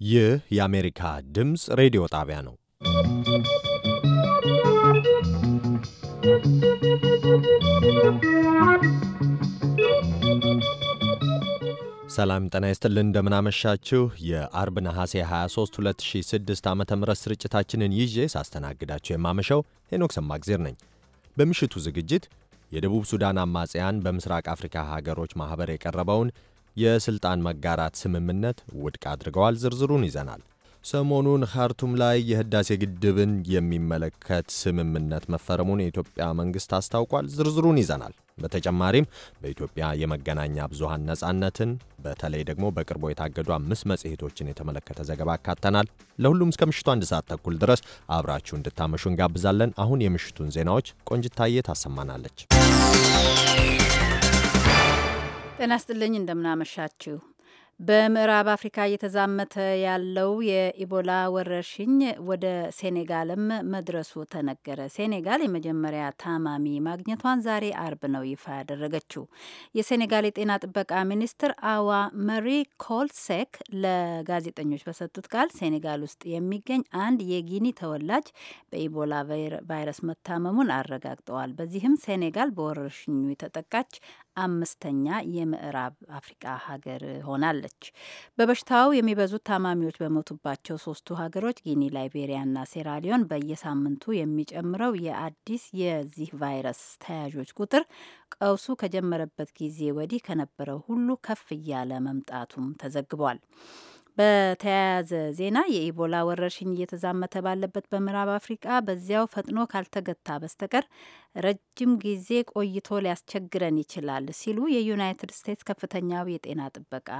ይህ የአሜሪካ ድምፅ ሬዲዮ ጣቢያ ነው። ሰላም ጠና ይስጥልን። እንደምናመሻችሁ የአርብ ነሐሴ 23 2006 ዓ ም ስርጭታችንን ይዤ ሳስተናግዳችሁ የማመሻው ሄኖክ ሰማግዜር ነኝ። በምሽቱ ዝግጅት የደቡብ ሱዳን አማጽያን በምስራቅ አፍሪካ ሀገሮች ማኅበር የቀረበውን የሥልጣን መጋራት ስምምነት ውድቅ አድርገዋል። ዝርዝሩን ይዘናል። ሰሞኑን ካርቱም ላይ የህዳሴ ግድብን የሚመለከት ስምምነት መፈረሙን የኢትዮጵያ መንግስት አስታውቋል። ዝርዝሩን ይዘናል። በተጨማሪም በኢትዮጵያ የመገናኛ ብዙሃን ነጻነትን በተለይ ደግሞ በቅርቡ የታገዱ አምስት መጽሔቶችን የተመለከተ ዘገባ አካተናል። ለሁሉም እስከ ምሽቱ አንድ ሰዓት ተኩል ድረስ አብራችሁ እንድታመሹ እንጋብዛለን። አሁን የምሽቱን ዜናዎች ቆንጅታዬ ታሰማናለች። ጤና ይስጥልኝ እንደምናመሻችሁ በምዕራብ አፍሪካ እየተዛመተ ያለው የኢቦላ ወረርሽኝ ወደ ሴኔጋልም መድረሱ ተነገረ። ሴኔጋል የመጀመሪያ ታማሚ ማግኘቷን ዛሬ አርብ ነው ይፋ ያደረገችው። የሴኔጋል የጤና ጥበቃ ሚኒስትር አዋ መሪ ኮልሴክ ለጋዜጠኞች በሰጡት ቃል ሴኔጋል ውስጥ የሚገኝ አንድ የጊኒ ተወላጅ በኢቦላ ቫይረስ መታመሙን አረጋግጠዋል። በዚህም ሴኔጋል በወረርሽኙ የተጠቃች አምስተኛ የምዕራብ አፍሪቃ ሀገር ሆናለች። በበሽታው የሚበዙት ታማሚዎች በሞቱባቸው ሶስቱ ሀገሮች ጊኒ፣ ላይቤሪያና ሴራሊዮን በየሳምንቱ የሚጨምረው የአዲስ የዚህ ቫይረስ ተያዦች ቁጥር ቀውሱ ከጀመረበት ጊዜ ወዲህ ከነበረው ሁሉ ከፍ እያለ መምጣቱም ተዘግቧል። በተያያዘ ዜና የኢቦላ ወረርሽኝ እየተዛመተ ባለበት በምዕራብ አፍሪቃ በዚያው ፈጥኖ ካልተገታ በስተቀር ረጅም ጊዜ ቆይቶ ሊያስቸግረን ይችላል ሲሉ የዩናይትድ ስቴትስ ከፍተኛው የጤና ጥበቃ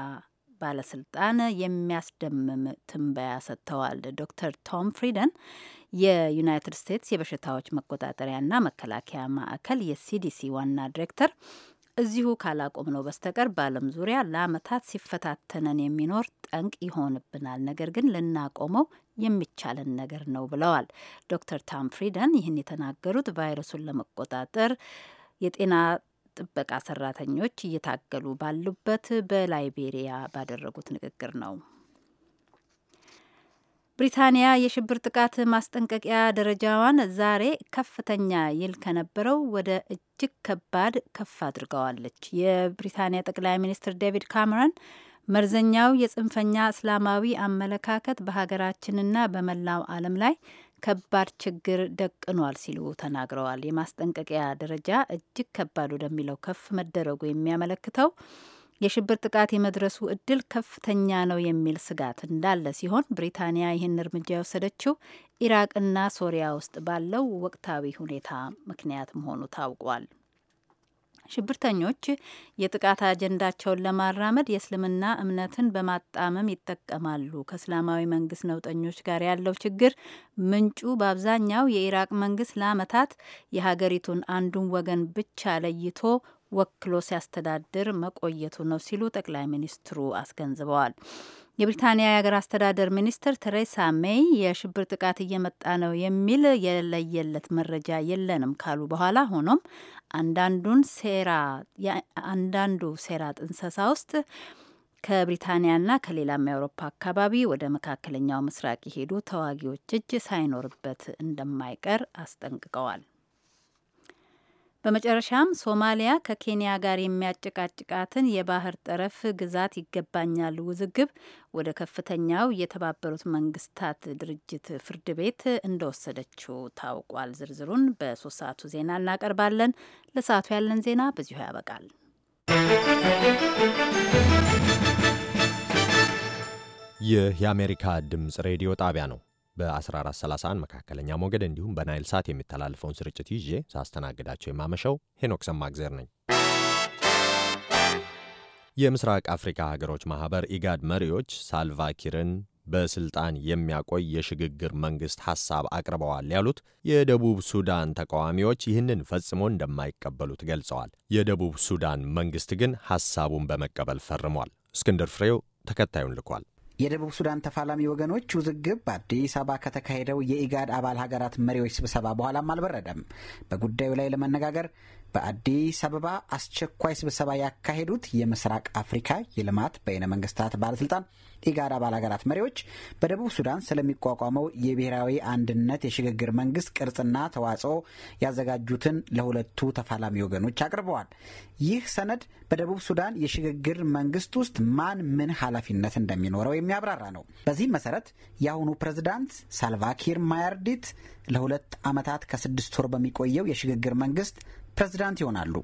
ባለስልጣን የሚያስደምም ትንበያ ሰጥተዋል። ዶክተር ቶም ፍሪደን የዩናይትድ ስቴትስ የበሽታዎች መቆጣጠሪያና መከላከያ ማዕከል የሲዲሲ ዋና ዲሬክተር እዚሁ ካላቆም ነው በስተቀር በዓለም ዙሪያ ለአመታት ሲፈታተነን የሚኖር ጠንቅ ይሆንብናል። ነገር ግን ልናቆመው የሚቻለን ነገር ነው ብለዋል ዶክተር ታም ፍሪደን። ይህን የተናገሩት ቫይረሱን ለመቆጣጠር የጤና ጥበቃ ሰራተኞች እየታገሉ ባሉበት በላይቤሪያ ባደረጉት ንግግር ነው። ብሪታንያ የሽብር ጥቃት ማስጠንቀቂያ ደረጃዋን ዛሬ ከፍተኛ ይል ከነበረው ወደ እጅግ ከባድ ከፍ አድርገዋለች። የብሪታንያ ጠቅላይ ሚኒስትር ዴቪድ ካሜሮን መርዘኛው የጽንፈኛ እስላማዊ አመለካከት በሀገራችንና በመላው ዓለም ላይ ከባድ ችግር ደቅኗል ሲሉ ተናግረዋል። የማስጠንቀቂያ ደረጃ እጅግ ከባድ ወደሚለው ከፍ መደረጉ የሚያመለክተው የሽብር ጥቃት የመድረሱ እድል ከፍተኛ ነው የሚል ስጋት እንዳለ ሲሆን ብሪታንያ ይህን እርምጃ የወሰደችው ኢራቅና ሶሪያ ውስጥ ባለው ወቅታዊ ሁኔታ ምክንያት መሆኑ ታውቋል። ሽብርተኞች የጥቃት አጀንዳቸውን ለማራመድ የእስልምና እምነትን በማጣመም ይጠቀማሉ። ከእስላማዊ መንግስት ነውጠኞች ጋር ያለው ችግር ምንጩ በአብዛኛው የኢራቅ መንግስት ለዓመታት የሀገሪቱን አንዱን ወገን ብቻ ለይቶ ወክሎ ሲያስተዳድር መቆየቱ ነው ሲሉ ጠቅላይ ሚኒስትሩ አስገንዝበዋል። የብሪታንያ የሀገር አስተዳደር ሚኒስትር ቴሬሳ ሜይ የሽብር ጥቃት እየመጣ ነው የሚል የለየለት መረጃ የለንም ካሉ በኋላ ሆኖም አንዳንዱን ሴራ አንዳንዱ ሴራ ጥንሰሳ ውስጥ ከብሪታንያና ከሌላም የአውሮፓ አካባቢ ወደ መካከለኛው ምስራቅ የሄዱ ተዋጊዎች እጅ ሳይኖርበት እንደማይቀር አስጠንቅቀዋል። በመጨረሻም ሶማሊያ ከኬንያ ጋር የሚያጨቃጭቃትን የባህር ጠረፍ ግዛት ይገባኛል ውዝግብ ወደ ከፍተኛው የተባበሩት መንግስታት ድርጅት ፍርድ ቤት እንደወሰደችው ታውቋል። ዝርዝሩን በሶስት ሰዓቱ ዜና እናቀርባለን። ለሰዓቱ ያለን ዜና በዚሁ ያበቃል። ይህ የአሜሪካ ድምፅ ሬዲዮ ጣቢያ ነው። በ1431 መካከለኛ ሞገድ እንዲሁም በናይል ሳት የሚተላለፈውን ስርጭት ይዤ ሳስተናግዳቸው የማመሸው ሄኖክ ሰማግዜር ነኝ። የምስራቅ አፍሪካ ሀገሮች ማኅበር ኢጋድ መሪዎች ሳልቫኪርን በስልጣን የሚያቆይ የሽግግር መንግሥት ሐሳብ አቅርበዋል ያሉት የደቡብ ሱዳን ተቃዋሚዎች ይህንን ፈጽሞ እንደማይቀበሉት ገልጸዋል። የደቡብ ሱዳን መንግሥት ግን ሐሳቡን በመቀበል ፈርሟል። እስክንድር ፍሬው ተከታዩን ልኳል። የደቡብ ሱዳን ተፋላሚ ወገኖች ውዝግብ በአዲስ አበባ ከተካሄደው የኢጋድ አባል ሀገራት መሪዎች ስብሰባ በኋላም አልበረደም። በጉዳዩ ላይ ለመነጋገር በአዲስ አበባ አስቸኳይ ስብሰባ ያካሄዱት የምስራቅ አፍሪካ የልማት በይነ መንግስታት ባለስልጣን ኢጋድ አባል ሀገራት መሪዎች በደቡብ ሱዳን ስለሚቋቋመው የብሔራዊ አንድነት የሽግግር መንግስት ቅርጽና ተዋጽኦ ያዘጋጁትን ለሁለቱ ተፋላሚ ወገኖች አቅርበዋል። ይህ ሰነድ በደቡብ ሱዳን የሽግግር መንግስት ውስጥ ማን ምን ኃላፊነት እንደሚኖረው የሚያብራራ ነው። በዚህም መሰረት የአሁኑ ፕሬዝዳንት ሳልቫኪር ማያርዲት ለሁለት ዓመታት ከስድስት ወር በሚቆየው የሽግግር መንግስት ፕሬዝዳንት ይሆናሉ።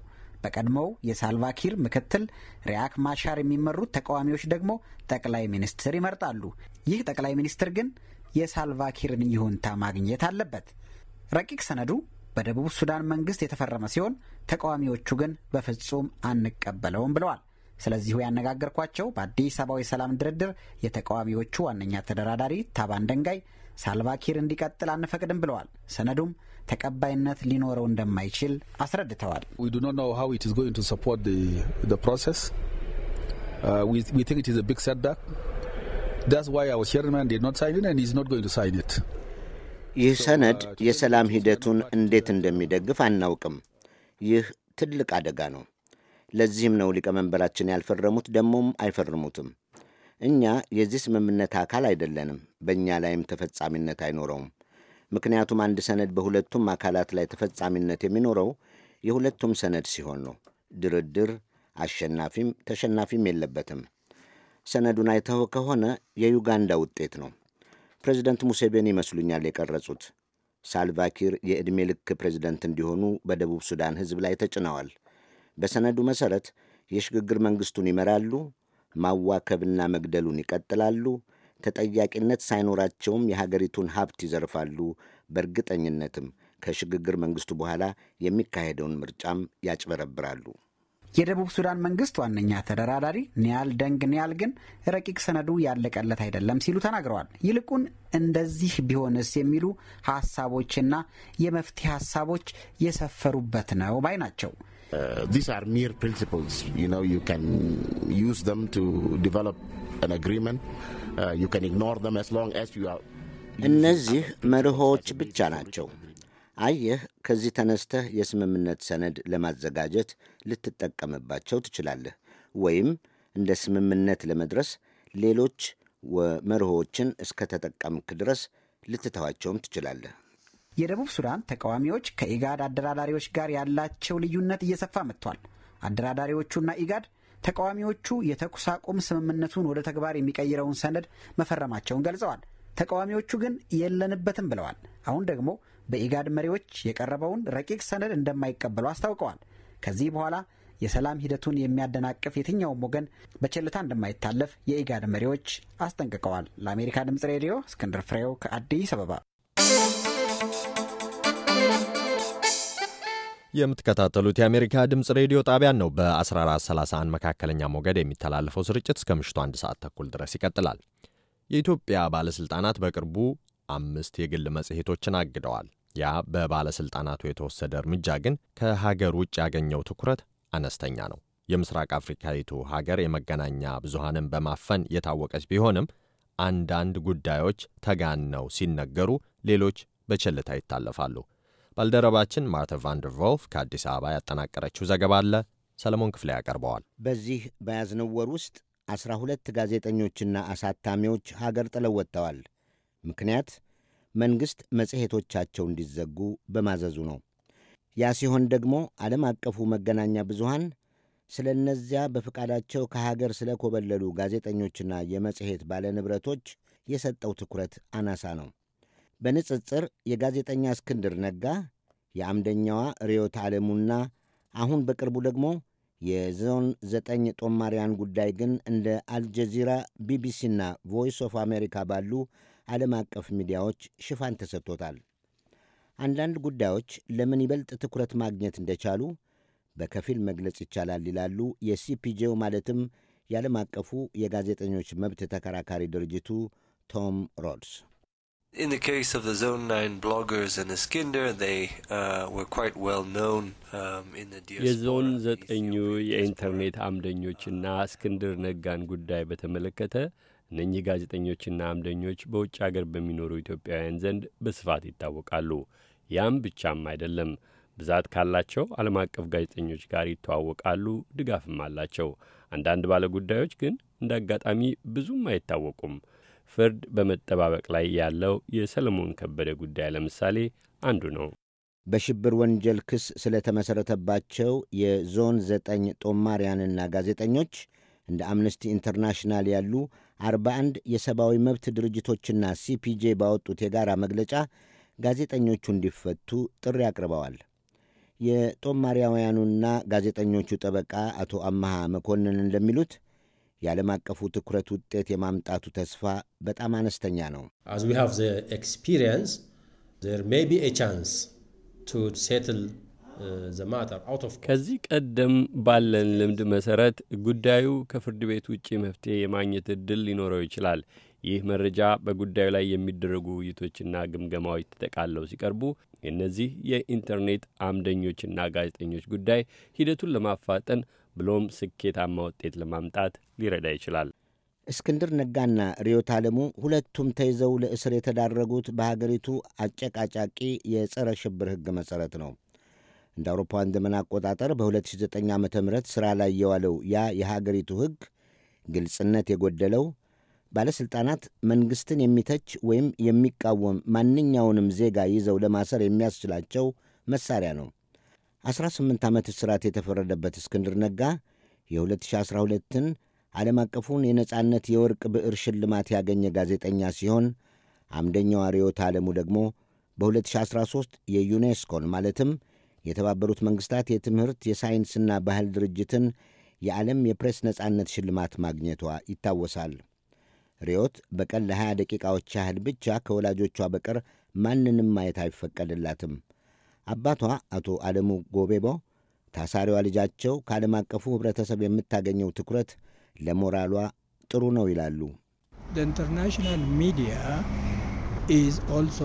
በቀድሞው የሳልቫኪር ምክትል ሪያክ ማሻር የሚመሩት ተቃዋሚዎች ደግሞ ጠቅላይ ሚኒስትር ይመርጣሉ። ይህ ጠቅላይ ሚኒስትር ግን የሳልቫኪርን ይሁንታ ማግኘት አለበት። ረቂቅ ሰነዱ በደቡብ ሱዳን መንግስት የተፈረመ ሲሆን ተቃዋሚዎቹ ግን በፍጹም አንቀበለውም ብለዋል። ስለዚሁ ያነጋገርኳቸው በአዲስ አበባው የሰላም ድርድር የተቃዋሚዎቹ ዋነኛ ተደራዳሪ ታባን ደንጋይ ሳልቫኪር እንዲቀጥል አንፈቅድም ብለዋል። ሰነዱም ተቀባይነት ሊኖረው እንደማይችል አስረድተዋል። uh, ይህ ሰነድ uh, የሰላም ሂደቱን እንዴት እንደሚደግፍ አናውቅም። ይህ ትልቅ አደጋ ነው። ለዚህም ነው ሊቀመንበራችን ያልፈረሙት፣ ደግሞም አይፈርሙትም። እኛ የዚህ ስምምነት አካል አይደለንም። በእኛ ላይም ተፈጻሚነት አይኖረውም። ምክንያቱም አንድ ሰነድ በሁለቱም አካላት ላይ ተፈጻሚነት የሚኖረው የሁለቱም ሰነድ ሲሆን ነው። ድርድር አሸናፊም ተሸናፊም የለበትም። ሰነዱን አይተው ከሆነ የዩጋንዳ ውጤት ነው። ፕሬዚደንት ሙሴቬኒ ይመስሉኛል የቀረጹት። ሳልቫኪር የዕድሜ ልክ ፕሬዚደንት እንዲሆኑ በደቡብ ሱዳን ሕዝብ ላይ ተጭነዋል። በሰነዱ መሠረት የሽግግር መንግሥቱን ይመራሉ፣ ማዋከብና መግደሉን ይቀጥላሉ፣ ተጠያቂነት ሳይኖራቸውም የሀገሪቱን ሀብት ይዘርፋሉ። በእርግጠኝነትም ከሽግግር መንግስቱ በኋላ የሚካሄደውን ምርጫም ያጭበረብራሉ። የደቡብ ሱዳን መንግስት ዋነኛ ተደራዳሪ ኒያል ደንግ ኒያል ግን ረቂቅ ሰነዱ ያለቀለት አይደለም ሲሉ ተናግረዋል። ይልቁን እንደዚህ ቢሆንስ የሚሉ ሀሳቦችና የመፍትሄ ሀሳቦች የሰፈሩበት ነው ባይ ናቸው። ሚር ፕሪንሲፕልስ ዩ ካን ዩዝ ዘም ቱ ዲቨሎፕ አን አግሪመንት Uh, እነዚህ መርሆዎች ብቻ ናቸው። አየህ፣ ከዚህ ተነስተህ የስምምነት ሰነድ ለማዘጋጀት ልትጠቀምባቸው ትችላለህ፣ ወይም እንደ ስምምነት ለመድረስ ሌሎች መርሆዎችን ተጠቀምክ ድረስ ልትተዋቸውም ትችላለህ። የደቡብ ሱዳን ተቃዋሚዎች ከኢጋድ አደራዳሪዎች ጋር ያላቸው ልዩነት እየሰፋ መጥቷል። አደራዳሪዎቹና ኢጋድ ተቃዋሚዎቹ የተኩስ አቁም ስምምነቱን ወደ ተግባር የሚቀይረውን ሰነድ መፈረማቸውን ገልጸዋል። ተቃዋሚዎቹ ግን የለንበትም ብለዋል። አሁን ደግሞ በኢጋድ መሪዎች የቀረበውን ረቂቅ ሰነድ እንደማይቀበሉ አስታውቀዋል። ከዚህ በኋላ የሰላም ሂደቱን የሚያደናቅፍ የትኛውም ወገን በቸልታ እንደማይታለፍ የኢጋድ መሪዎች አስጠንቅቀዋል። ለአሜሪካ ድምጽ ሬዲዮ እስክንድር ፍሬው ከአዲስ አበባ የምትከታተሉት የአሜሪካ ድምፅ ሬዲዮ ጣቢያን ነው። በ1431 መካከለኛ ሞገድ የሚተላለፈው ስርጭት እስከ ምሽቱ አንድ ሰዓት ተኩል ድረስ ይቀጥላል። የኢትዮጵያ ባለሥልጣናት በቅርቡ አምስት የግል መጽሔቶችን አግደዋል። ያ በባለሥልጣናቱ የተወሰደ እርምጃ ግን ከሀገር ውጭ ያገኘው ትኩረት አነስተኛ ነው። የምስራቅ አፍሪካዊቱ ሀገር የመገናኛ ብዙሃንን በማፈን የታወቀች ቢሆንም አንዳንድ ጉዳዮች ተጋነው ሲነገሩ፣ ሌሎች በቸልታ ይታለፋሉ። ባልደረባችን ማርተ ቫንደር ቮልፍ ከአዲስ አበባ ያጠናቀረችው ዘገባ አለ። ሰለሞን ክፍሌ ያቀርበዋል። በዚህ በያዝነው ወር ውስጥ አስራ ሁለት ጋዜጠኞችና አሳታሚዎች ሀገር ጥለው ወጥተዋል። ምክንያት መንግሥት መጽሔቶቻቸው እንዲዘጉ በማዘዙ ነው። ያ ሲሆን ደግሞ ዓለም አቀፉ መገናኛ ብዙሃን ስለ እነዚያ በፈቃዳቸው ከሀገር ስለ ኮበለሉ ጋዜጠኞችና የመጽሔት ባለንብረቶች የሰጠው ትኩረት አናሳ ነው። በንጽጽር የጋዜጠኛ እስክንድር ነጋ የአምደኛዋ ርዮት ዓለሙና አሁን በቅርቡ ደግሞ የዞን ዘጠኝ ጦማሪያን ጉዳይ ግን እንደ አልጀዚራ፣ ቢቢሲና ቮይስ ኦፍ አሜሪካ ባሉ ዓለም አቀፍ ሚዲያዎች ሽፋን ተሰጥቶታል። አንዳንድ ጉዳዮች ለምን ይበልጥ ትኩረት ማግኘት እንደቻሉ በከፊል መግለጽ ይቻላል ይላሉ የሲፒጄው ማለትም የዓለም አቀፉ የጋዜጠኞች መብት ተከራካሪ ድርጅቱ ቶም ሮድስ። In the case of the Zone 9 bloggers and Iskinder, they uh, were quite well known um, in the diaspora. የዞን ዘጠኙ የኢንተርኔት አምደኞችና እስክንድር ነጋን ጉዳይ በተመለከተ እነኚህ ጋዜጠኞችና አምደኞች በውጭ አገር በሚኖሩ ኢትዮጵያውያን ዘንድ በስፋት ይታወቃሉ። ያም ብቻም አይደለም፣ ብዛት ካላቸው ዓለም አቀፍ ጋዜጠኞች ጋር ይተዋወቃሉ፣ ድጋፍም አላቸው። አንዳንድ ባለጉዳዮች ግን እንደ አጋጣሚ ብዙም አይታወቁም። ፍርድ በመጠባበቅ ላይ ያለው የሰለሞን ከበደ ጉዳይ ለምሳሌ አንዱ ነው። በሽብር ወንጀል ክስ ተመሠረተባቸው የዞን ዘጠኝ ጦማሪያንና ጋዜጠኞች እንደ አምነስቲ ኢንተርናሽናል ያሉ 41 የሰብአዊ መብት ድርጅቶችና ሲፒጄ ባወጡት የጋራ መግለጫ ጋዜጠኞቹ እንዲፈቱ ጥሪ አቅርበዋል። የጦማሪያውያኑና ጋዜጠኞቹ ጠበቃ አቶ አመሃ መኮንን እንደሚሉት የዓለም አቀፉ ትኩረት ውጤት የማምጣቱ ተስፋ በጣም አነስተኛ ነው። uh, ከዚህ ቀደም ባለን ልምድ መሰረት ጉዳዩ ከፍርድ ቤት ውጭ መፍትሄ የማግኘት እድል ሊኖረው ይችላል። ይህ መረጃ በጉዳዩ ላይ የሚደረጉ ውይይቶችና ግምገማዎች ተጠቃለው ሲቀርቡ የእነዚህ የኢንተርኔት አምደኞችና ጋዜጠኞች ጉዳይ ሂደቱን ለማፋጠን ብሎም ስኬታማ ውጤት ለማምጣት ሊረዳ ይችላል። እስክንድር ነጋና ርዕዮት ዓለሙ ሁለቱም ተይዘው ለእስር የተዳረጉት በሀገሪቱ አጨቃጫቂ የጸረ ሽብር ሕግ መሠረት ነው። እንደ አውሮፓውያን ዘመን አቆጣጠር በ2009 ዓ ም ሥራ ላይ የዋለው ያ የሀገሪቱ ሕግ ግልጽነት የጎደለው ባለሥልጣናት መንግሥትን የሚተች ወይም የሚቃወም ማንኛውንም ዜጋ ይዘው ለማሰር የሚያስችላቸው መሣሪያ ነው። 18 ዓመት እስራት የተፈረደበት እስክንድር ነጋ የ2012ን ዓለም አቀፉን የነጻነት የወርቅ ብዕር ሽልማት ያገኘ ጋዜጠኛ ሲሆን አምደኛው ርዕዮት ዓለሙ ደግሞ በ2013 የዩኔስኮን ማለትም የተባበሩት መንግሥታት የትምህርት የሳይንስና ባህል ድርጅትን የዓለም የፕሬስ ነጻነት ሽልማት ማግኘቷ ይታወሳል። ሪዮት በቀን ለ20 ደቂቃዎች ያህል ብቻ ከወላጆቿ በቀር ማንንም ማየት አይፈቀድላትም። አባቷ አቶ አለሙ ጎቤቦ ታሳሪዋ ልጃቸው ከዓለም አቀፉ ህብረተሰብ የምታገኘው ትኩረት ለሞራሏ ጥሩ ነው ይላሉ። ኢንተርናሽናል ሚዲያ ኢዝ ኦልሶ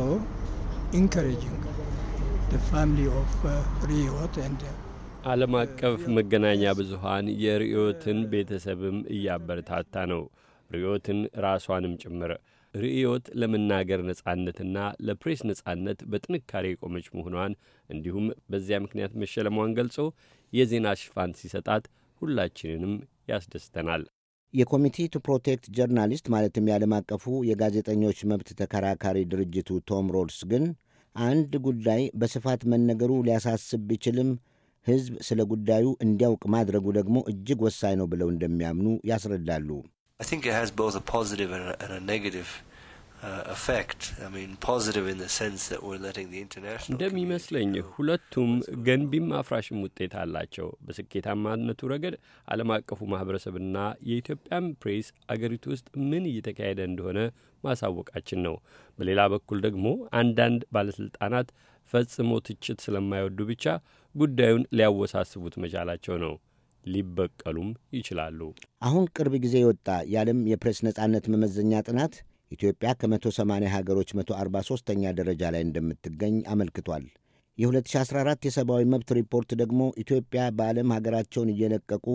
ኢንካሬጂንግ ፋሚሊ ኦፍ ሪዮት ዓለም አቀፍ መገናኛ ብዙሃን የሪዮትን ቤተሰብም እያበረታታ ነው። ሪዮትን ራሷንም ጭምር ርእዮት ለመናገር ነጻነትና ለፕሬስ ነጻነት በጥንካሬ የቆመች መሆኗን እንዲሁም በዚያ ምክንያት መሸለሟን ገልጾ የዜና ሽፋን ሲሰጣት ሁላችንንም ያስደስተናል። የኮሚቴ ቱ ፕሮቴክት ጀርናሊስት ማለትም የዓለም አቀፉ የጋዜጠኞች መብት ተከራካሪ ድርጅቱ ቶም ሮድስ ግን አንድ ጉዳይ በስፋት መነገሩ ሊያሳስብ ቢችልም ሕዝብ ስለ ጉዳዩ እንዲያውቅ ማድረጉ ደግሞ እጅግ ወሳኝ ነው ብለው እንደሚያምኑ ያስረዳሉ። I think it has both a positive and a, and a negative እንደሚመስለኝ ሁለቱም ገንቢም አፍራሽም ውጤት አላቸው። በስኬታማነቱ ረገድ ዓለም አቀፉ ማኅበረሰብና የኢትዮጵያን ፕሬስ አገሪቱ ውስጥ ምን እየተካሄደ እንደሆነ ማሳወቃችን ነው። በሌላ በኩል ደግሞ አንዳንድ ባለስልጣናት ፈጽሞ ትችት ስለማይወዱ ብቻ ጉዳዩን ሊያወሳስቡት መቻላቸው ነው። ሊበቀሉም ይችላሉ። አሁን ቅርብ ጊዜ የወጣ የዓለም የፕሬስ ነጻነት መመዘኛ ጥናት ኢትዮጵያ ከ180 ሀገሮች 143ኛ ደረጃ ላይ እንደምትገኝ አመልክቷል። የ2014 የሰብአዊ መብት ሪፖርት ደግሞ ኢትዮጵያ በዓለም ሀገራቸውን እየለቀቁ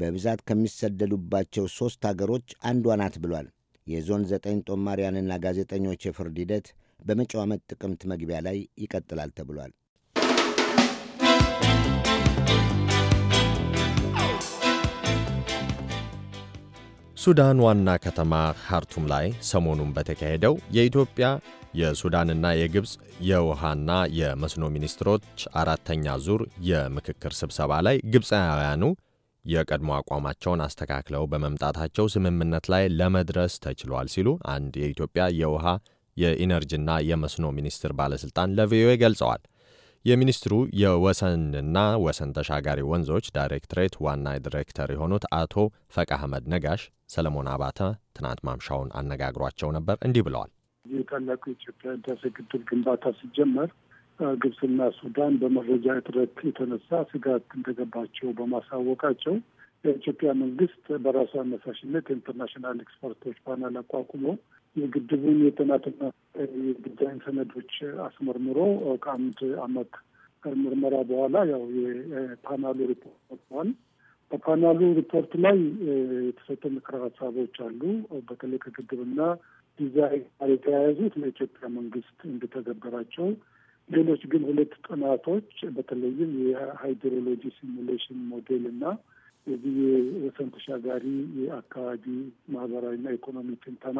በብዛት ከሚሰደዱባቸው ሦስት ሀገሮች አንዷ ናት ብሏል። የዞን ዘጠኝ ጦማሪያንና ጋዜጠኞች የፍርድ ሂደት በመጪው ዓመት ጥቅምት መግቢያ ላይ ይቀጥላል ተብሏል። ሱዳን ዋና ከተማ ካርቱም ላይ ሰሞኑን በተካሄደው የኢትዮጵያ የሱዳንና የግብፅ የውሃና የመስኖ ሚኒስትሮች አራተኛ ዙር የምክክር ስብሰባ ላይ ግብፃውያኑ የቀድሞ አቋማቸውን አስተካክለው በመምጣታቸው ስምምነት ላይ ለመድረስ ተችሏል ሲሉ አንድ የኢትዮጵያ የውሃ የኢነርጂና የመስኖ ሚኒስቴር ባለሥልጣን ለቪኦኤ ገልጸዋል። የሚኒስትሩ የወሰንና ወሰን ተሻጋሪ ወንዞች ዳይሬክትሬት ዋና ዲሬክተር የሆኑት አቶ ፈቃ አህመድ ነጋሽ ሰለሞን አባተ ትናንት ማምሻውን አነጋግሯቸው ነበር። እንዲህ ብለዋል። ይህ ታላቁ የኢትዮጵያ ህዳሴ ግድብ ግንባታ ሲጀመር ግብፅና ሱዳን በመረጃ እጥረት የተነሳ ስጋት እንደገባቸው በማሳወቃቸው የኢትዮጵያ መንግስት በራሱ አነሳሽነት የኢንተርናሽናል ኤክስፐርቶች ፓናል አቋቁሞ የግድቡን የጥናትና የዲዛይን ሰነዶች አስመርምሮ ከአንድ አመት ምርመራ በኋላ ያው የፓናሉ ሪፖርት ል በፓናሉ ሪፖርት ላይ የተሰጡ ምክረ ሀሳቦች አሉ። በተለይ ከግድብና ዲዛይን ጋር የተያያዙት ለኢትዮጵያ መንግስት እንደተገበራቸው፣ ሌሎች ግን ሁለት ጥናቶች በተለይም የሃይድሮሎጂ ሲሙሌሽን ሞዴል እና የዚህ የወሰን ተሻጋሪ የአካባቢ ማህበራዊና ኢኮኖሚ ትንተና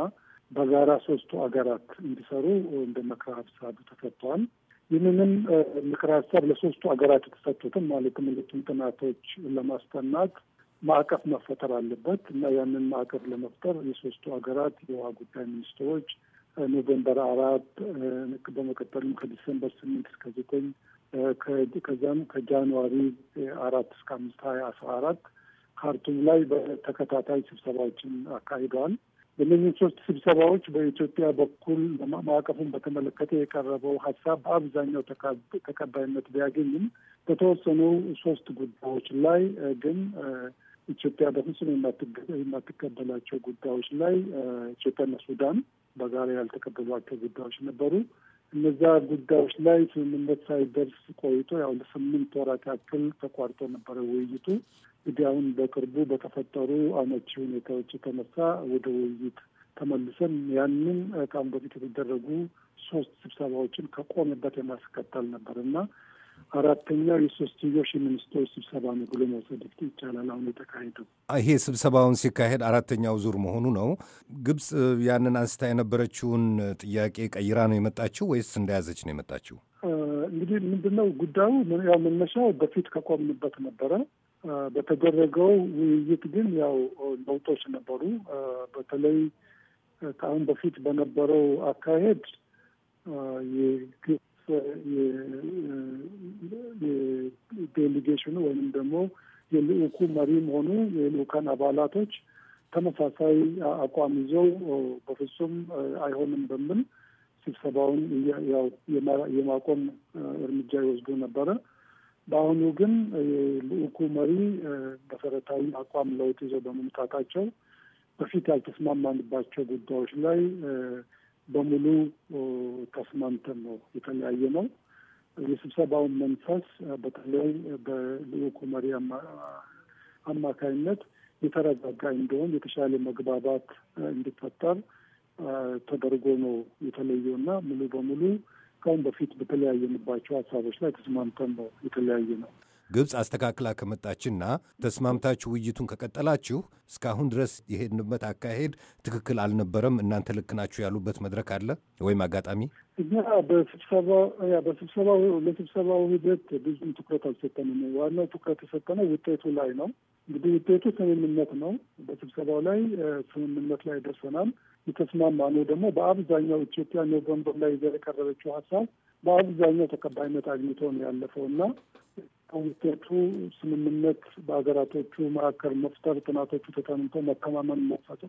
በጋራ ሶስቱ ሀገራት እንዲሰሩ እንደ ምክረ ሀሳብ ተሰጥተዋል። ይህንንም ምክረ ሀሳብ ለሶስቱ ሀገራት የተሰጡትም ማለትም ሁለቱም ጥናቶች ለማስጠናት ማዕቀፍ መፈጠር አለበት እና ያንን ማዕቀፍ ለመፍጠር የሶስቱ ሀገራት የውሃ ጉዳይ ሚኒስትሮች ኖቬምበር አራት በመቀጠልም ከዲሰምበር ስምንት እስከ ዘጠኝ ከዚያም ከጃንዋሪ አራት እስከ አምስት ሀያ አስራ አራት ካርቱም ላይ በተከታታይ ስብሰባዎችን አካሂደዋል። እነዚህ ሶስት ስብሰባዎች በኢትዮጵያ በኩል ማዕቀፉን በተመለከተ የቀረበው ሀሳብ በአብዛኛው ተቀባይነት ቢያገኝም በተወሰኑ ሶስት ጉዳዮች ላይ ግን ኢትዮጵያ በፍጹም የማትቀበላቸው ጉዳዮች ላይ ኢትዮጵያና ሱዳን በጋራ ያልተቀበሏቸው ጉዳዮች ነበሩ። እነዛ ጉዳዮች ላይ ስምምነት ሳይደርስ ቆይቶ ያው ለስምንት ወራት ያክል ተቋርጦ ነበረ ውይይቱ። እንግዲህ አሁን በቅርቡ በተፈጠሩ አመቺ ሁኔታዎች የተነሳ ወደ ውይይት ተመልሰን ያንን ከአሁን በፊት የተደረጉ ሶስት ስብሰባዎችን ከቆመበት የማስቀጠል ነበር እና አራተኛው የሶስትዮሽ የሚኒስትሮች ስብሰባ ነው ብሎ መውሰድ ይቻላል። አሁን የተካሄደው ይሄ ስብሰባውን ሲካሄድ አራተኛው ዙር መሆኑ ነው። ግብጽ ያንን አንስታ የነበረችውን ጥያቄ ቀይራ ነው የመጣችው ወይስ እንደያዘች ነው የመጣችው? እንግዲህ ምንድነው ጉዳዩ? ያው መነሻው በፊት ከቆምንበት ነበረ። በተደረገው ውይይት ግን ያው ለውጦች ነበሩ። በተለይ ከአሁን በፊት በነበረው አካሄድ ዴሊጌሽኑ ወይም ደግሞ የልዑኩ መሪም ሆኑ የልዑካን አባላቶች ተመሳሳይ አቋም ይዘው በፍጹም አይሆንም በሚል ስብሰባውን ያው የማቆም እርምጃ ይወስዱ ነበረ። በአሁኑ ግን የልዑኩ መሪ መሰረታዊ አቋም ለውጥ ይዘው በመምጣታቸው በፊት ያልተስማማንባቸው ጉዳዮች ላይ በሙሉ ተስማምተን ነው የተለያየ ነው። የስብሰባውን መንፈስ በተለይ በልዑኩ መሪ አማካኝነት የተረጋጋ እንደሆን የተሻለ መግባባት እንዲፈጠር ተደርጎ ነው የተለየው እና ሙሉ በሙሉ ከአሁን በፊት በተለያየንባቸው ሀሳቦች ላይ ተስማምተን ነው የተለያየ ነው። ግብፅ አስተካክላ ከመጣችና ተስማምታችሁ ውይይቱን ከቀጠላችሁ እስካሁን ድረስ የሄድንበት አካሄድ ትክክል አልነበረም፣ እናንተ ልክ ናችሁ ያሉበት መድረክ አለ ወይም አጋጣሚ? በስብሰባው ለስብሰባው ሂደት ብዙም ትኩረት አልሰጠንም። ዋናው ትኩረት የሰጠነው ውጤቱ ላይ ነው። እንግዲህ ውጤቱ ስምምነት ነው። በስብሰባው ላይ ስምምነት ላይ ደርሰናል። የተስማማ ነው ደግሞ በአብዛኛው ኢትዮጵያ ኖቨምበር ላይ ይዛ የቀረበችው ሀሳብ በአብዛኛው ተቀባይነት አግኝቶ ነው ያለፈው እና ውጤቱ ስምምነት በሀገራቶቹ መካከል መፍጠር፣ ጥናቶቹ ተጠንቶ መፍጠር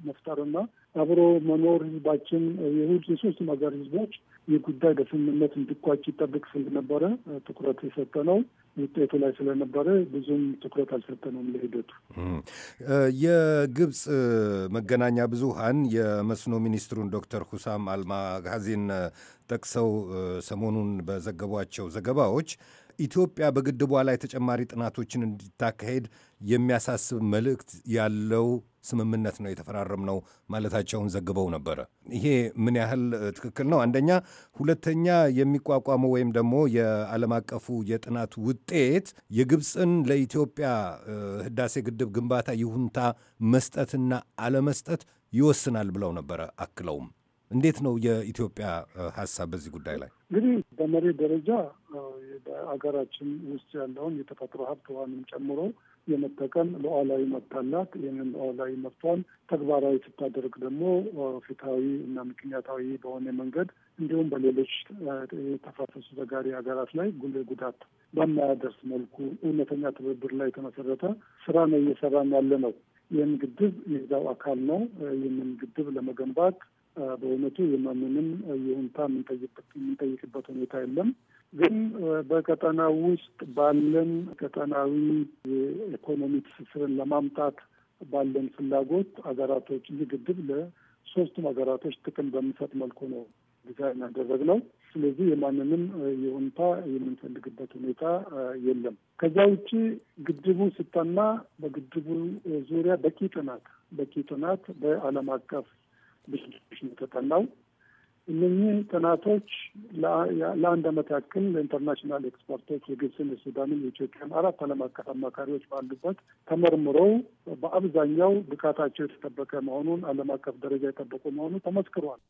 መፍጠርና አብሮ መኖር ህዝባችን የሁድ የሶስቱም ሀገር ህዝቦች ይህ ጉዳይ በስምምነት እንዲኳች ይጠብቅ ስለነበረ ትኩረት የሰጠ ነው። ውጤቱ ላይ ስለነበረ ብዙም ትኩረት አልሰጠነውም ለሂደቱ። የግብፅ መገናኛ ብዙሃን የመስኖ ሚኒስትሩን ዶክተር ሁሳም አልማጋዜን ጠቅሰው ሰሞኑን በዘገቧቸው ዘገባዎች ኢትዮጵያ በግድቧ ላይ ተጨማሪ ጥናቶችን እንዲታካሄድ የሚያሳስብ መልእክት ያለው ስምምነት ነው የተፈራረም ነው ማለታቸውን ዘግበው ነበረ። ይሄ ምን ያህል ትክክል ነው? አንደኛ። ሁለተኛ የሚቋቋመው ወይም ደግሞ የዓለም አቀፉ የጥናት ውጤት የግብፅን ለኢትዮጵያ ህዳሴ ግድብ ግንባታ ይሁንታ መስጠትና አለመስጠት ይወስናል ብለው ነበረ አክለውም እንዴት ነው የኢትዮጵያ ሀሳብ በዚህ ጉዳይ ላይ? እንግዲህ በመሬት ደረጃ በሀገራችን ውስጥ ያለውን የተፈጥሮ ሀብት ውሃንም ጨምሮ የመጠቀም ሉዓላዊ መብት አላት። ይህንን ሉዓላዊ መብቷን ተግባራዊ ስታደርግ ደግሞ ፍትሐዊ እና ምክንያታዊ በሆነ መንገድ እንዲሁም በሌሎች የተፋሰሱ ተጋሪ ሀገራት ላይ ጉልህ ጉዳት በማያደርስ መልኩ እውነተኛ ትብብር ላይ የተመሰረተ ስራ ነው እየሰራን ያለ ነው። ይህን ግድብ የዛው አካል ነው። ይህንን ግድብ ለመገንባት በእውነቱ የማንንም ይሁንታ የምንጠይቅበት ሁኔታ የለም። ግን በቀጠና ውስጥ ባለን ቀጠናዊ የኢኮኖሚ ትስስርን ለማምጣት ባለን ፍላጎት ሀገራቶች ይህ ግድብ ለሶስቱም ሀገራቶች ጥቅም በሚሰጥ መልኩ ነው ዲዛይን ያደረግነው። ስለዚህ የማንንም ይሁንታ የምንፈልግበት ሁኔታ የለም። ከዚያ ውጭ ግድቡ ሲጠና በግድቡ ዙሪያ በቂ ጥናት በቂ ጥናት በዓለም አቀፍ ብስሽ የተጠናው እነኚህ ጥናቶች ለአንድ ዓመት ያክል ለኢንተርናሽናል ኤክስፐርቶች የግብፅን፣ የሱዳንን፣ የኢትዮጵያን አራት ዓለም አቀፍ አማካሪዎች ባሉበት ተመርምረው በአብዛኛው ብቃታቸው የተጠበቀ መሆኑን ዓለም አቀፍ ደረጃ የጠበቁ መሆኑ ተመስክሯል።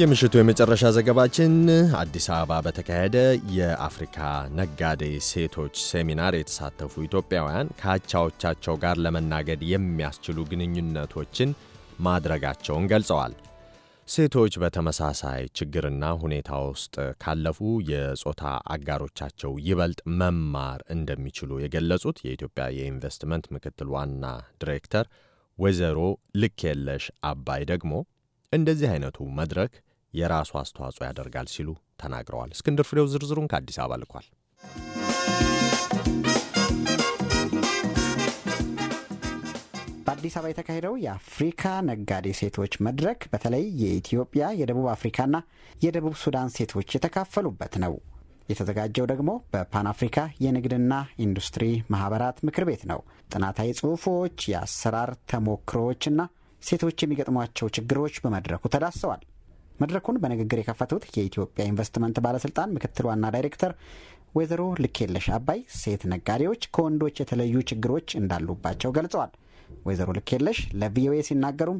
የምሽቱ የመጨረሻ ዘገባችን አዲስ አበባ በተካሄደ የአፍሪካ ነጋዴ ሴቶች ሴሚናር የተሳተፉ ኢትዮጵያውያን ከአቻዎቻቸው ጋር ለመናገድ የሚያስችሉ ግንኙነቶችን ማድረጋቸውን ገልጸዋል። ሴቶች በተመሳሳይ ችግርና ሁኔታ ውስጥ ካለፉ የጾታ አጋሮቻቸው ይበልጥ መማር እንደሚችሉ የገለጹት የኢትዮጵያ የኢንቨስትመንት ምክትል ዋና ዲሬክተር ወይዘሮ ልክ የለሽ አባይ ደግሞ እንደዚህ አይነቱ መድረክ የራሱ አስተዋጽኦ ያደርጋል ሲሉ ተናግረዋል። እስክንድር ፍሬው ዝርዝሩን ከአዲስ አበባ ልኳል። በአዲስ አበባ የተካሄደው የአፍሪካ ነጋዴ ሴቶች መድረክ በተለይ የኢትዮጵያ፣ የደቡብ አፍሪካና የደቡብ ሱዳን ሴቶች የተካፈሉበት ነው። የተዘጋጀው ደግሞ በፓን አፍሪካ የንግድና ኢንዱስትሪ ማህበራት ምክር ቤት ነው። ጥናታዊ ጽሁፎች፣ የአሰራር ተሞክሮዎችና ሴቶች የሚገጥሟቸው ችግሮች በመድረኩ ተዳስሰዋል። መድረኩን በንግግር የከፈቱት የኢትዮጵያ ኢንቨስትመንት ባለስልጣን ምክትል ዋና ዳይሬክተር ወይዘሮ ልኬለሽ አባይ ሴት ነጋዴዎች ከወንዶች የተለዩ ችግሮች እንዳሉባቸው ገልጸዋል። ወይዘሮ ልኬለሽ ለቪኦኤ ሲናገሩም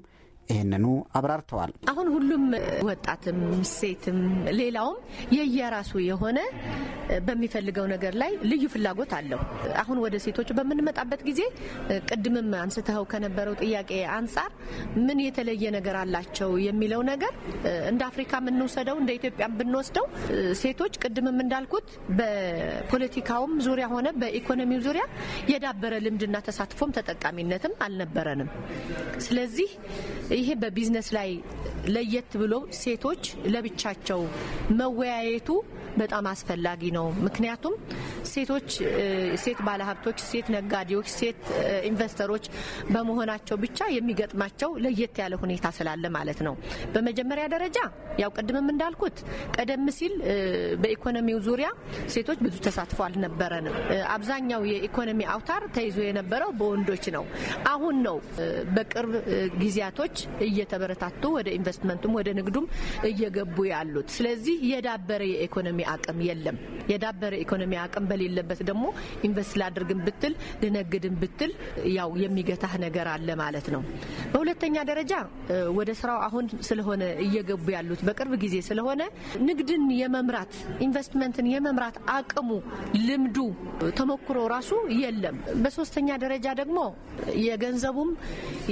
ይህንኑ አብራርተዋል። አሁን ሁሉም ወጣትም ሴትም ሌላውም የየራሱ የሆነ በሚፈልገው ነገር ላይ ልዩ ፍላጎት አለው። አሁን ወደ ሴቶች በምንመጣበት ጊዜ ቅድምም አንስተኸው ከነበረው ጥያቄ አንጻር ምን የተለየ ነገር አላቸው የሚለው ነገር እንደ አፍሪካ የምንወስደው እንደ ኢትዮጵያ ብንወስደው ሴቶች ቅድምም እንዳልኩት በፖለቲካውም ዙሪያ ሆነ በኢኮኖሚው ዙሪያ የዳበረ ልምድና ተሳትፎም ተጠቃሚነትም አልነበረንም። ስለዚህ ይሄ በቢዝነስ ላይ ለየት ብሎ ሴቶች ለብቻቸው መወያየቱ በጣም አስፈላጊ ነው። ምክንያቱም ሴቶች፣ ሴት ባለሀብቶች፣ ሴት ነጋዴዎች፣ ሴት ኢንቨስተሮች በመሆናቸው ብቻ የሚገጥማቸው ለየት ያለ ሁኔታ ስላለ ማለት ነው። በመጀመሪያ ደረጃ ያው ቅድምም እንዳልኩት ቀደም ሲል በኢኮኖሚው ዙሪያ ሴቶች ብዙ ተሳትፎ አልነበረንም። አብዛኛው የኢኮኖሚ አውታር ተይዞ የነበረው በወንዶች ነው። አሁን ነው በቅርብ ጊዜያቶች እየተበረታቱ ወደ ኢንቨስትመንቱም ወደ ንግዱም እየገቡ ያሉት። ስለዚህ የዳበረ የኢኮኖሚ አቅም የለም። የዳበረ ኢኮኖሚ አቅም በሌለበት ደግሞ ኢንቨስት ላድርግን ብትል ልነግድን ብትል ያው የሚገታህ ነገር አለ ማለት ነው። በሁለተኛ ደረጃ ወደ ስራው አሁን ስለሆነ እየገቡ ያሉት በቅርብ ጊዜ ስለሆነ ንግድን የመምራት ኢንቨስትመንትን የመምራት አቅሙ፣ ልምዱ፣ ተሞክሮ ራሱ የለም። በሶስተኛ ደረጃ ደግሞ የገንዘቡም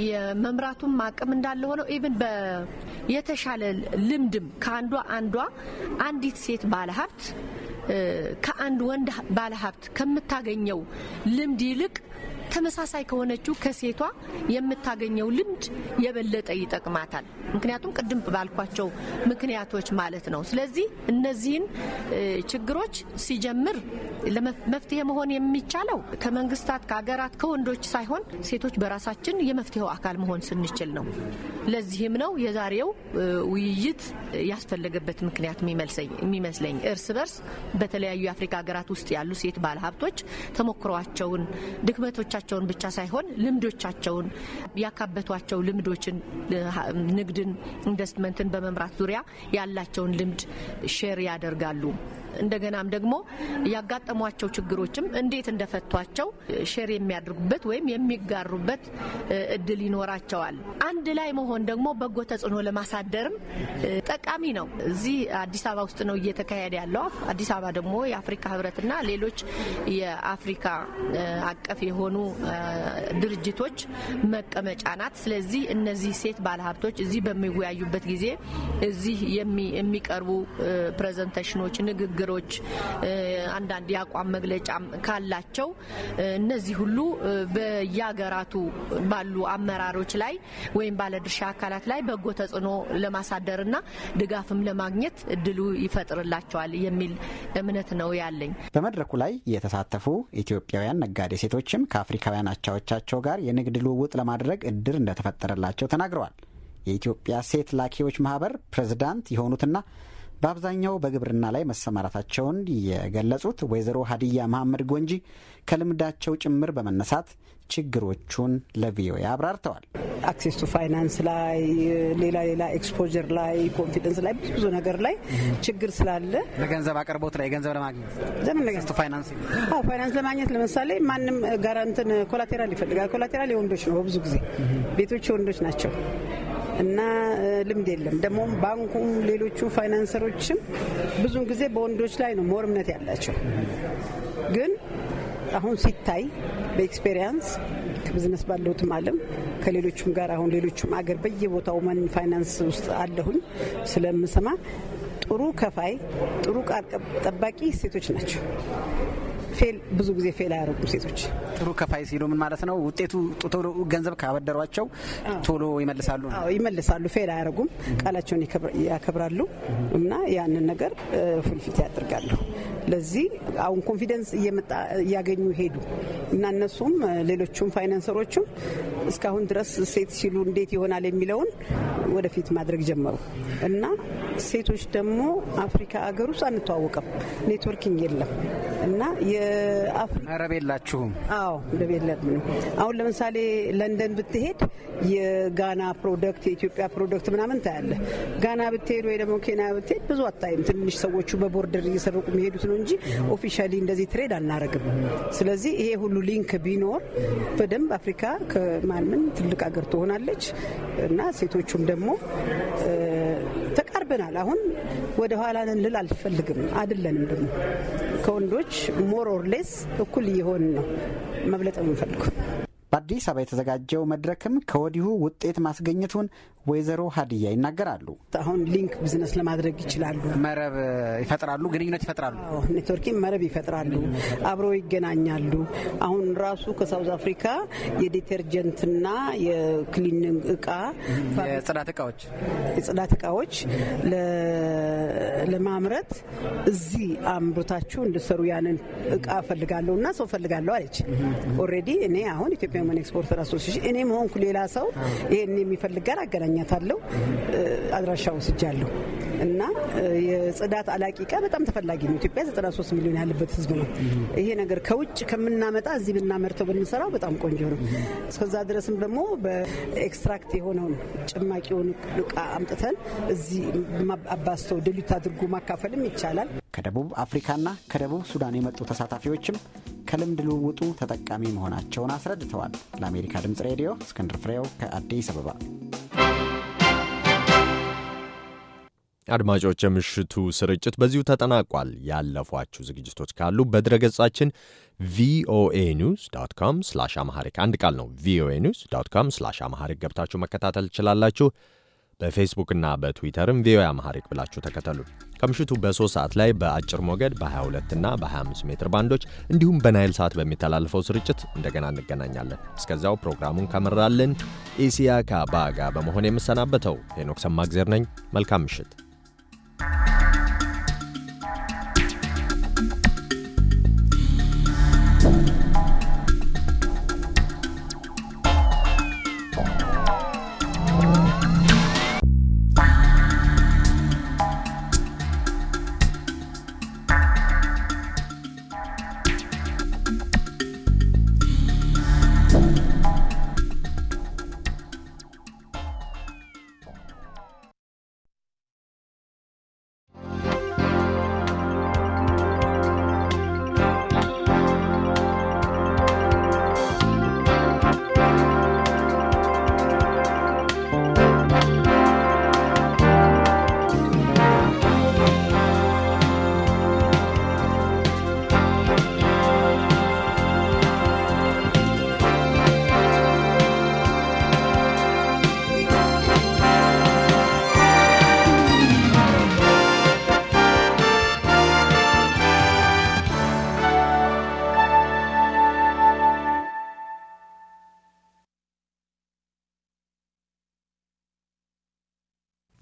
የመምራቱም አቅም እንዳለ ሆነው ኢቭን የተሻለ ልምድም ከአንዷ አንዷ አንዲት ሴት ባለሀብት ከአንድ ወንድ ባለሀብት ከምታገኘው ልምድ ይልቅ ተመሳሳይ ከሆነችው ከሴቷ የምታገኘው ልምድ የበለጠ ይጠቅማታል። ምክንያቱም ቅድም ባልኳቸው ምክንያቶች ማለት ነው። ስለዚህ እነዚህን ችግሮች ሲጀምር መፍትሄ መሆን የሚቻለው ከመንግስታት፣ ከሀገራት፣ ከወንዶች ሳይሆን ሴቶች በራሳችን የመፍትሄው አካል መሆን ስንችል ነው። ለዚህም ነው የዛሬው ውይይት ያስፈለገበት ምክንያት የሚመስለኝ እርስ በርስ በተለያዩ የአፍሪካ ሀገራት ውስጥ ያሉ ሴት ባለሀብቶች ተሞክሯቸውን ድክመቶች እውቀቶቻቸውን ብቻ ሳይሆን ልምዶቻቸውን ያካበቷቸው ልምዶችን ንግድን፣ ኢንቨስትመንትን በመምራት ዙሪያ ያላቸውን ልምድ ሼር ያደርጋሉ። እንደገናም ደግሞ ያጋጠሟቸው ችግሮችም እንዴት እንደፈቷቸው ሼር የሚያደርጉበት ወይም የሚጋሩበት እድል ይኖራቸዋል። አንድ ላይ መሆን ደግሞ በጎ ተጽዕኖ ለማሳደርም ጠቃሚ ነው። እዚህ አዲስ አበባ ውስጥ ነው እየተካሄደ ያለው። አዲስ አበባ ደግሞ የአፍሪካ ህብረትና ሌሎች የአፍሪካ አቀፍ የሆኑ ድርጅቶች መቀመጫ ናት። ስለዚህ እነዚህ ሴት ባለሀብቶች እዚህ በሚወያዩበት ጊዜ እዚህ የሚቀርቡ ፕሬዘንቴሽኖች፣ ንግግር ንግግሮች፣ አንዳንድ የአቋም መግለጫ ካላቸው እነዚህ ሁሉ በየሀገራቱ ባሉ አመራሮች ላይ ወይም ባለድርሻ አካላት ላይ በጎ ተጽዕኖ ለማሳደርና ድጋፍም ለማግኘት እድሉ ይፈጥርላቸዋል የሚል እምነት ነው ያለኝ። በመድረኩ ላይ የተሳተፉ ኢትዮጵያውያን ነጋዴ ሴቶችም ከአፍሪካውያን አቻዎቻቸው ጋር የንግድ ልውውጥ ለማድረግ እድር እንደተፈጠረላቸው ተናግረዋል። የኢትዮጵያ ሴት ላኪዎች ማህበር ፕሬዝዳንት የሆኑትና በአብዛኛው በግብርና ላይ መሰማራታቸውን የገለጹት ወይዘሮ ሀዲያ መሐመድ ጎንጂ ከልምዳቸው ጭምር በመነሳት ችግሮቹን ለቪኦኤ አብራርተዋል። አክሴስ ቱ ፋይናንስ ላይ ሌላ ሌላ ኤክስፖጀር ላይ ኮንፊደንስ ላይ ብዙ ብዙ ነገር ላይ ችግር ስላለ ለገንዘብ አቅርቦት ላይ ገንዘብ ለማግኘት ፋይናንስ ፋይናንስ ለማግኘት ለምሳሌ ማንም ጋራንትን ኮላቴራል ይፈልጋል። ኮላቴራል የወንዶች ነው። በብዙ ጊዜ ቤቶች የወንዶች ናቸው። እና ልምድ የለም። ደግሞ ባንኩም ሌሎቹ ፋይናንሰሮችም ብዙን ጊዜ በወንዶች ላይ ነው ሞር እምነት ያላቸው ግን አሁን ሲታይ በኤክስፔሪንስ ከብዝነስ ባለሁትም ዓለም ከሌሎቹም ጋር አሁን ሌሎቹም አገር በየቦታው መን ፋይናንስ ውስጥ አለሁኝ ስለምሰማ ጥሩ ከፋይ ጥሩ ቃል ጠባቂ ሴቶች ናቸው። ፌል ብዙ ጊዜ ፌል አያደርጉም ሴቶች። ጥሩ ከፋይ ሲሉ ምን ማለት ነው? ውጤቱ ቶሎ ገንዘብ ካበደሯቸው ቶሎ ይመልሳሉ ይመልሳሉ። ፌል አያደርጉም፣ ቃላቸውን ያከብራሉ እና ያንን ነገር ፍልፊት ያደርጋሉ። ለዚህ አሁን ኮንፊደንስ እየመጣ እያገኙ ሄዱ እና እነሱም ሌሎቹም ፋይናንሰሮቹም እስካሁን ድረስ ሴት ሲሉ እንዴት ይሆናል የሚለውን ወደፊት ማድረግ ጀመሩ እና ሴቶች ደግሞ አፍሪካ ሀገር ውስጥ አንተዋወቅም፣ ኔትወርኪንግ የለም እና መረብ የላችሁም። አዎ አሁን ለምሳሌ ለንደን ብትሄድ የጋና ፕሮደክት የኢትዮጵያ ፕሮደክት ምናምን ታያለ። ጋና ብትሄድ ወይ ደግሞ ኬንያ ብትሄድ ብዙ አታይም። ትንሽ ሰዎቹ በቦርደር እየሰረቁ የሚሄዱት ነው ነው እንጂ ኦፊሻሊ እንደዚህ ትሬድ አናረግም። ስለዚህ ይሄ ሁሉ ሊንክ ቢኖር በደንብ አፍሪካ ከማንም ትልቅ ሀገር ትሆናለች እና ሴቶቹም ደግሞ ተቃርበናል። አሁን ወደ ኋላ ልል አልፈልግም። አይደለንም ደግሞ ከወንዶች ሞር ኦር ሌስ እኩል እየሆን ነው። መብለጥ ነው የምንፈልገው። በአዲስ አበባ የተዘጋጀው መድረክም ከወዲሁ ውጤት ማስገኘቱን ወይዘሮ ሀዲያ ይናገራሉ። አሁን ሊንክ ቢዝነስ ለማድረግ ይችላሉ። መረብ ይፈጥራሉ፣ ግንኙነት ይፈጥራሉ፣ ኔትወርኪንግ መረብ ይፈጥራሉ፣ አብሮ ይገናኛሉ። አሁን ራሱ ከሳውዝ አፍሪካ የዲተርጀንትና የክሊኒንግ እቃ የጽዳት እቃዎች የጽዳት እቃዎች ለማምረት እዚህ አምሮታችሁ እንድሰሩ ያንን እቃ ፈልጋለሁ እና ሰው ፈልጋለሁ አለች። ኦልሬዲ እኔ አሁን ኢትዮጵያ ኤክስፖርተር አሶሲሽን እኔም ሆንኩ ሌላ ሰው ይሄን የሚፈልጋል አገናኝ አገኛታለሁ። አድራሻ ወስጃለሁ እና የጽዳት አላቂ ቃ በጣም ተፈላጊ ነው። ኢትዮጵያ 93 ሚሊዮን ያለበት ህዝብ ነው። ይሄ ነገር ከውጭ ከምናመጣ እዚህ ብናመርተው ብንሰራው በጣም ቆንጆ ነው። እስከዛ ድረስም ደግሞ በኤክስትራክት የሆነውን ጭማቂውን እቃ አምጥተን እዚህ አባስተው ድሉት አድርጎ ማካፈልም ይቻላል። ከደቡብ አፍሪካና ከደቡብ ሱዳን የመጡ ተሳታፊዎችም ከልምድ ልውውጡ ተጠቃሚ መሆናቸውን አስረድተዋል። ለአሜሪካ ድምፅ ሬዲዮ እስክንድር ፍሬው ከአዲስ አበባ አድማጮች፣ የምሽቱ ስርጭት በዚሁ ተጠናቋል። ያለፏችሁ ዝግጅቶች ካሉ በድረገጻችን ቪኦኤ ኒውስ ዶት ኮም ስላሽ አማሐሪክ አንድ ቃል ነው። ቪኦኤ ኒውስ ዶት ኮም ስላሽ አማሐሪክ ገብታችሁ መከታተል ትችላላችሁ። በፌስቡክና በትዊተርም ቪኦኤ አማሐሪክ ብላችሁ ተከተሉ። ከምሽቱ በሶስት ሰዓት ላይ በአጭር ሞገድ በ22 እና በ25 ሜትር ባንዶች እንዲሁም በናይል ሰዓት በሚተላለፈው ስርጭት እንደገና እንገናኛለን። እስከዚያው ፕሮግራሙን ከመራልን ኢሲያካ ባጋ በመሆን የምሰናበተው ሄኖክ ሰማግዜር ነኝ። መልካም ምሽት።